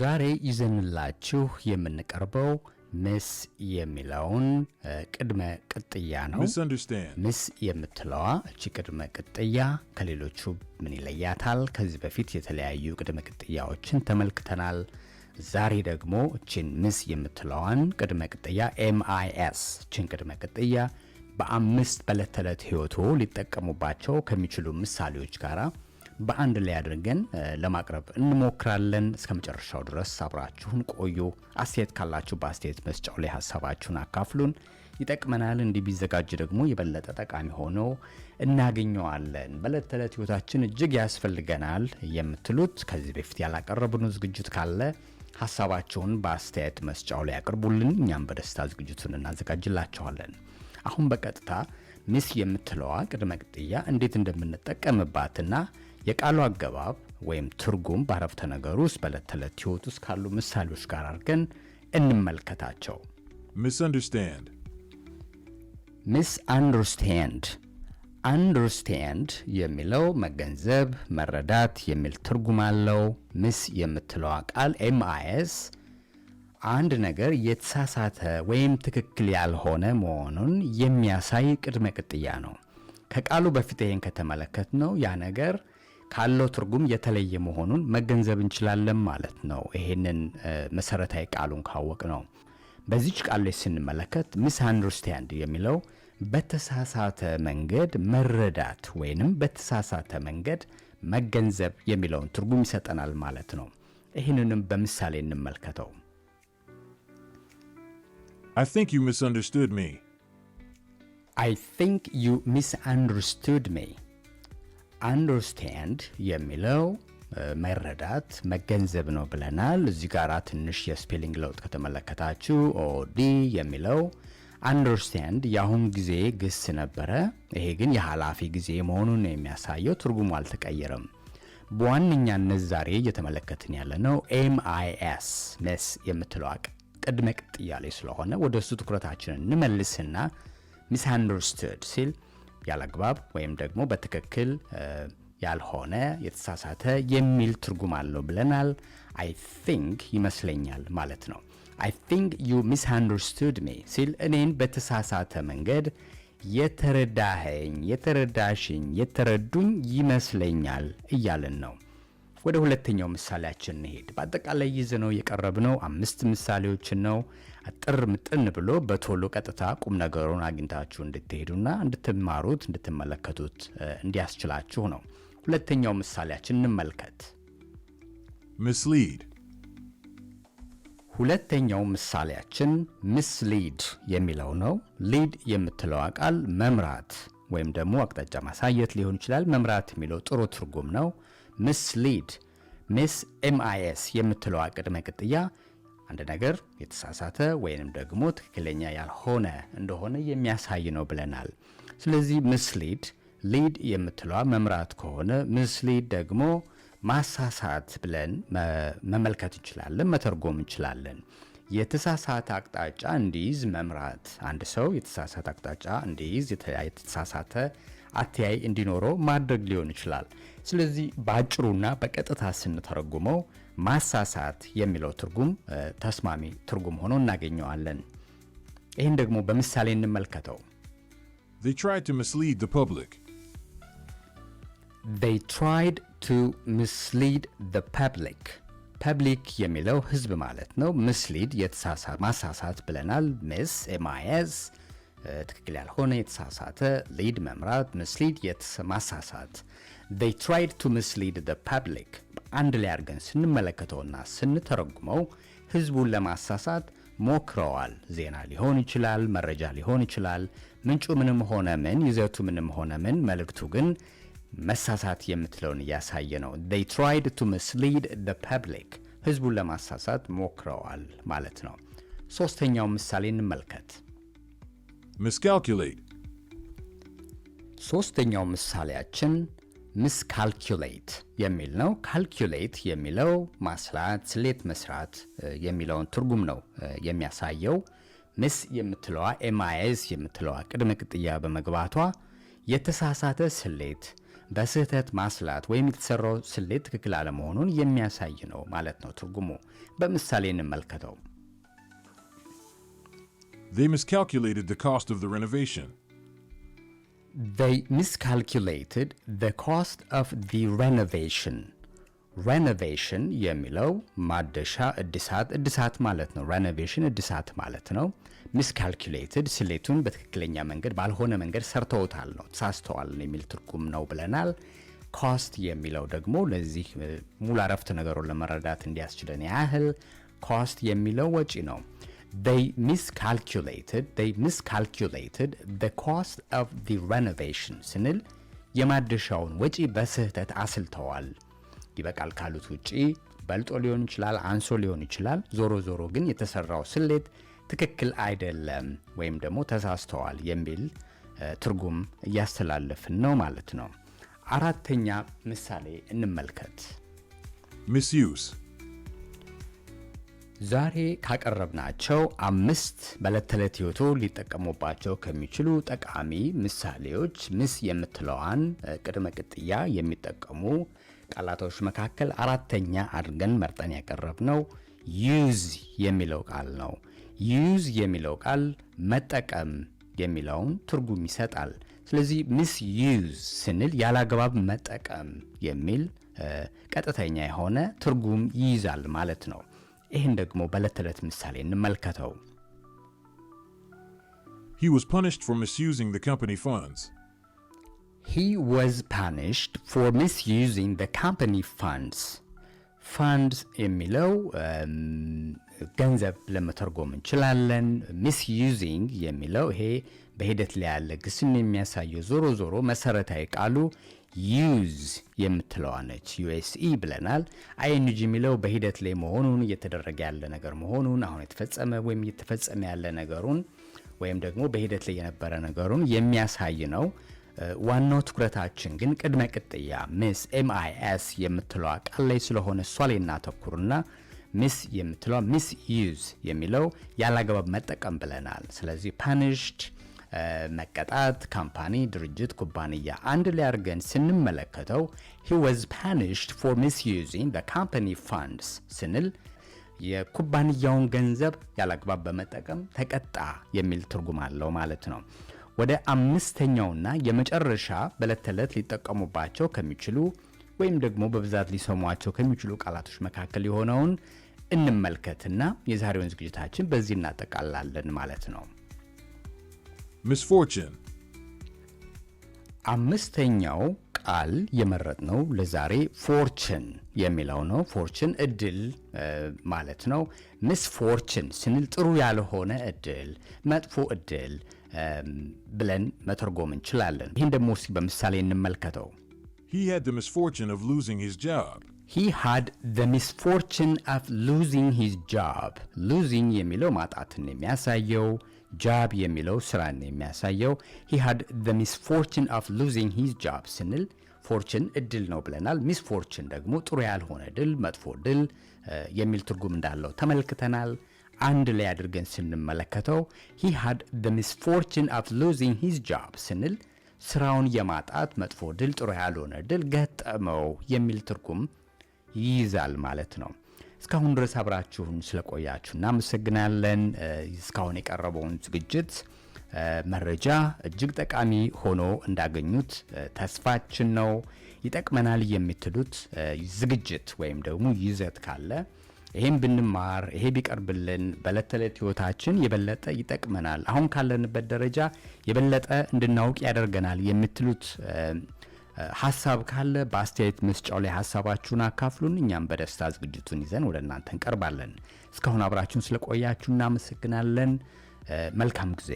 ዛሬ ይዘንላችሁ የምንቀርበው ምስ የሚለውን ቅድመ ቅጥያ ነው። ምስ የምትለዋ እቺ ቅድመ ቅጥያ ከሌሎቹ ምን ይለያታል? ከዚህ በፊት የተለያዩ ቅድመ ቅጥያዎችን ተመልክተናል። ዛሬ ደግሞ እችን ምስ የምትለዋን ቅድመ ቅጥያ ኤምአይኤስ እችን ቅድመ ቅጥያ በአምስት በዕለት ተዕለት ሊጠቀሙባቸው ከሚችሉ ምሳሌዎች ጋራ በአንድ ላይ አድርገን ለማቅረብ እንሞክራለን። እስከ መጨረሻው ድረስ አብራችሁን ቆዩ። አስተያየት ካላችሁ በአስተያየት መስጫው ላይ ሀሳባችሁን አካፍሉን፣ ይጠቅመናል። እንዲህ ቢዘጋጅ ደግሞ የበለጠ ጠቃሚ ሆኖ እናገኘዋለን። በዕለት ተዕለት ሕይወታችን እጅግ ያስፈልገናል የምትሉት ከዚህ በፊት ያላቀረብን ዝግጅት ካለ ሀሳባቸውን በአስተያየት መስጫው ላይ ያቅርቡልን። እኛም በደስታ ዝግጅቱን እናዘጋጅላችኋለን። አሁን በቀጥታ ሚስ የምትለዋ ቅድመ ቅጥያ እንዴት እንደምንጠቀምባትና የቃሉ አገባብ ወይም ትርጉም በአረፍተ ነገር ውስጥ በዕለት ተዕለት ሕይወት ውስጥ ካሉ ምሳሌዎች ጋር አድርገን እንመልከታቸው። ሚስአንደርስታንድ ሚስአንደርስታንድ አንደርስታንድ የሚለው መገንዘብ፣ መረዳት የሚል ትርጉም አለው። ምስ የምትለዋ ቃል ኤምአይኤስ አንድ ነገር የተሳሳተ ወይም ትክክል ያልሆነ መሆኑን የሚያሳይ ቅድመ ቅጥያ ነው። ከቃሉ በፊት ይሄን ከተመለከት ነው ያ ነገር ካለው ትርጉም የተለየ መሆኑን መገንዘብ እንችላለን ማለት ነው። ይሄንን መሰረታዊ ቃሉን ካወቅ ነው። በዚች ቃል ላይ ስንመለከት ሚስ አንደርስታንድ የሚለው በተሳሳተ መንገድ መረዳት ወይንም በተሳሳተ መንገድ መገንዘብ የሚለውን ትርጉም ይሰጠናል ማለት ነው። ይህንንም በምሳሌ እንመልከተው። I think you misunderstood me. I think you misunderstood me. Understand የሚለው መረዳት መገንዘብ ነው ብለናል። እዚህ ጋር ትንሽ የስፔሊንግ ለውጥ ከተመለከታችሁ ኦዲ የሚለው አንደርስታንድ የአሁን ጊዜ ግስ ነበረ። ይሄ ግን የኃላፊ ጊዜ መሆኑን የሚያሳየው። ትርጉሙ አልተቀየረም። በዋነኛነት ዛሬ እየተመለከትን ያለ ነው ኤም ኤስ ሜስ የምትለው ቅድመ ቅጥያ ላይ ስለሆነ ወደ እሱ ትኩረታችንን እንመልስና ሚስአንደርስቱድ ሲል ያላግባብ ወይም ደግሞ በትክክል ያልሆነ የተሳሳተ የሚል ትርጉም አለው ብለናል። አይ ቲንክ ይመስለኛል ማለት ነው። አይ ቲንክ ዩ ሚስአንደርስቱድ ሚ ሜ ሲል እኔን በተሳሳተ መንገድ የተረዳኸኝ፣ የተረዳሽኝ፣ የተረዱኝ ይመስለኛል እያልን ነው። ወደ ሁለተኛው ምሳሌያችን እንሄድ። በአጠቃላይ ይዘነው የቀረብነው አምስት ምሳሌዎችን ነው። አጥር ምጥን ብሎ በቶሎ ቀጥታ ቁም ነገሩን አግኝታችሁ እንድትሄዱና እንድትማሩት እንድትመለከቱት እንዲያስችላችሁ ነው። ሁለተኛው ምሳሌያችን እንመልከት። ሚስሊድ ሁለተኛው ምሳሌያችን ምስ ሊድ የሚለው ነው። ሊድ የምትለዋ ቃል መምራት ወይም ደግሞ አቅጣጫ ማሳየት ሊሆን ይችላል። መምራት የሚለው ጥሩ ትርጉም ነው። ሚስሊድ ሚስ ኤምአይኤስ የምትለዋ ቅድመ ቅጥያ አንድ ነገር የተሳሳተ ወይንም ደግሞ ትክክለኛ ያልሆነ እንደሆነ የሚያሳይ ነው ብለናል። ስለዚህ ምስሊድ ሊድ የምትለዋ መምራት ከሆነ ምስሊድ ደግሞ ማሳሳት ብለን መመልከት እንችላለን፣ መተርጎም እንችላለን። የተሳሳተ አቅጣጫ እንዲይዝ መምራት፣ አንድ ሰው የተሳሳተ አቅጣጫ እንዲይዝ የተሳሳተ አተያይ እንዲኖረው ማድረግ ሊሆን ይችላል። ስለዚህ በአጭሩና በቀጥታ ስንተረጉመው ማሳሳት የሚለው ትርጉም ተስማሚ ትርጉም ሆኖ እናገኘዋለን። ይህን ደግሞ በምሳሌ እንመልከተው። They tried to mislead the public. They tried to mislead the public. ፐብሊክ የሚለው ህዝብ ማለት ነው። ምስሊድ የተሳሳ ማሳሳት ብለናል። ምስ ኤም አይ ኤስ ትክክል ያልሆነ የተሳሳተ ሊድ መምራት ምስሊድ የማሳሳት they ትራይድ ቱ ምስሊድ ደ public አንድ ላይ አድርገን ስንመለከተውና ስንተረጉመው ህዝቡን ለማሳሳት ሞክረዋል። ዜና ሊሆን ይችላል፣ መረጃ ሊሆን ይችላል። ምንጩ ምንም ሆነ ምን፣ ይዘቱ ምንም ሆነ ምን፣ መልእክቱ ግን መሳሳት የምትለውን እያሳየ ነው። they ትራይድ ቱ ምስሊድ ደ public ህዝቡን ለማሳሳት ሞክረዋል ማለት ነው። ሶስተኛው ምሳሌ እንመልከት። miscalculate ሶስተኛው ምሳሌያችን ምስካልኩሌት የሚል ነው። ካልኩሌት የሚለው ማስላት፣ ስሌት መስራት የሚለውን ትርጉም ነው የሚያሳየው። ምስ የምትለዋ ኤምአይኤስ የምትለዋ ቅድመ ቅጥያ በመግባቷ የተሳሳተ ስሌት በስህተት ማስላት ወይም የተሰራው ስሌት ትክክል አለመሆኑን የሚያሳይ ነው ማለት ነው ትርጉሙ። በምሳሌ እንመልከተው። They miscalculated the cost of the renovation. They miscalculated the cost of the renovation. renovation የሚለው ማደሻ እድሳት እድሳት ማለት ነው። renovation እድሳት ማለት ነው። miscalculated ስሌቱን በትክክለኛ መንገድ ባልሆነ መንገድ ሰርተውታል ነው ተሳስተዋል የሚል ትርጉም ነው ብለናል። ኮስት የሚለው ደግሞ ለዚህ ሙሉ አረፍተ ነገሩን ለመረዳት እንዲያስችለን ያህል ኮስት የሚለው ወጪ ነው። they miscalculated they miscalculated the cost of the renovation ስንል የማደሻውን ወጪ በስህተት አስልተዋል። ይበቃል ካሉት ውጪ በልጦ ሊሆን ይችላል፣ አንሶ ሊሆን ይችላል። ዞሮ ዞሮ ግን የተሰራው ስሌት ትክክል አይደለም ወይም ደግሞ ተሳስተዋል የሚል ትርጉም እያስተላለፍን ነው ማለት ነው። አራተኛ ምሳሌ እንመልከት። misuse ዛሬ ካቀረብናቸው አምስት በዕለት ተዕለት ህይወቶ ሊጠቀሙባቸው ከሚችሉ ጠቃሚ ምሳሌዎች ምስ የምትለዋን ቅድመ ቅጥያ የሚጠቀሙ ቃላቶች መካከል አራተኛ አድርገን መርጠን ያቀረብነው ዩዝ የሚለው ቃል ነው። ዩዝ የሚለው ቃል መጠቀም የሚለውን ትርጉም ይሰጣል። ስለዚህ ምስ ዩዝ ስንል ያላግባብ መጠቀም የሚል ቀጥተኛ የሆነ ትርጉም ይይዛል ማለት ነው። ይህን ደግሞ በዕለት ተዕለት ምሳሌ እንመልከተው። He was punished for misusing the company funds. He was punished for misusing the company funds. ፋንድ የሚለው ገንዘብ ለመተርጎም እንችላለን። ሚስ የሚለው ይሄ በሂደት ላይ ያለ ግስን የሚያሳየው ዞሮ ዞሮ መሰረታዊ ቃሉ ዩዝ የምትለዋ ነች። ዩኤስኢ ብለናል። አይንጂ የሚለው በሂደት ላይ መሆኑን እየተደረገ ያለ ነገር መሆኑን አሁን የተፈጸመ ወይም እየተፈጸመ ያለ ነገሩን ወይም ደግሞ በሂደት ላይ የነበረ ነገሩን የሚያሳይ ነው። ዋናው ትኩረታችን ግን ቅድመ ቅጥያ ምስ ኤምአይኤስ የምትለዋ ቃል ላይ ስለሆነ እሷ ላይ እናተኩርና ሚስ የምትለዋ ሚስ ዩዝ የሚለው ያላግባብ መጠቀም ብለናል። ስለዚህ ፓኒሽድ መቀጣት፣ ካምፓኒ፣ ድርጅት፣ ኩባንያ አንድ ላይ አድርገን ስንመለከተው ሂ ወዝ ፓኒሽድ ፎር ሚስዩዚንግ ካምፓኒ ፋንድስ ስንል የኩባንያውን ገንዘብ ያላግባብ በመጠቀም ተቀጣ የሚል ትርጉም አለው ማለት ነው። ወደ አምስተኛውና የመጨረሻ በዕለት ተዕለት ሊጠቀሙባቸው ከሚችሉ ወይም ደግሞ በብዛት ሊሰሟቸው ከሚችሉ ቃላቶች መካከል የሆነውን እንመልከትና የዛሬውን ዝግጅታችን በዚህ እናጠቃላለን ማለት ነው። misfortune። አምስተኛው ቃል የመረጥነው ለዛሬ ፎርችን የሚለው ነው። ፎርችን እድል ማለት ነው። ምስፎርችን ስንል ጥሩ ያልሆነ እድል፣ መጥፎ እድል ብለን መተርጎም እንችላለን። ይህን ደግሞ እስኪ በምሳሌ እንመልከተው። He had the misfortune of losing his job. ሂ ሃድ ዘ ሚስፎርችን ኦፍ ሉዚንግ ሂዝ ጃብ። ሉዚንግ የሚለው ማጣትን የሚያሳየው ጃብ የሚለው ስራን የሚያሳየው ሂ ሃድ ዘ ሚስፎርችን ኦፍ ሉዚንግ ሂዝ ጃብ ስንል ፎርችን እድል ነው ብለናል። ሚስፎርችን ደግሞ ጥሩ ያልሆነ ድል፣ መጥፎ ድል የሚል ትርጉም እንዳለው ተመልክተናል። አንድ ላይ አድርገን ስንመለከተው ሂ ሃድ ዘ ሚስፎርችን ኦፍ ሉዚንግ ሂዝ ጃብ ስንል ስራውን የማጣት መጥፎ ድል፣ ጥሩ ያልሆነ ድል ገጠመው የሚል ትርጉም ይይዛል ማለት ነው። እስካሁን ድረስ አብራችሁን ስለቆያችሁ እናመሰግናለን። እስካሁን የቀረበውን ዝግጅት መረጃ እጅግ ጠቃሚ ሆኖ እንዳገኙት ተስፋችን ነው። ይጠቅመናል የምትሉት ዝግጅት ወይም ደግሞ ይዘት ካለ ይሄን ብንማር ይሄ ቢቀርብልን በዕለት ተዕለት ህይወታችን የበለጠ ይጠቅመናል፣ አሁን ካለንበት ደረጃ የበለጠ እንድናውቅ ያደርገናል የምትሉት ሀሳብ ካለ በአስተያየት መስጫው ላይ ሀሳባችሁን አካፍሉን። እኛም በደስታ ዝግጅቱን ይዘን ወደ እናንተ እንቀርባለን። እስካሁን አብራችሁን ስለቆያችሁ እናመሰግናለን። መልካም ጊዜ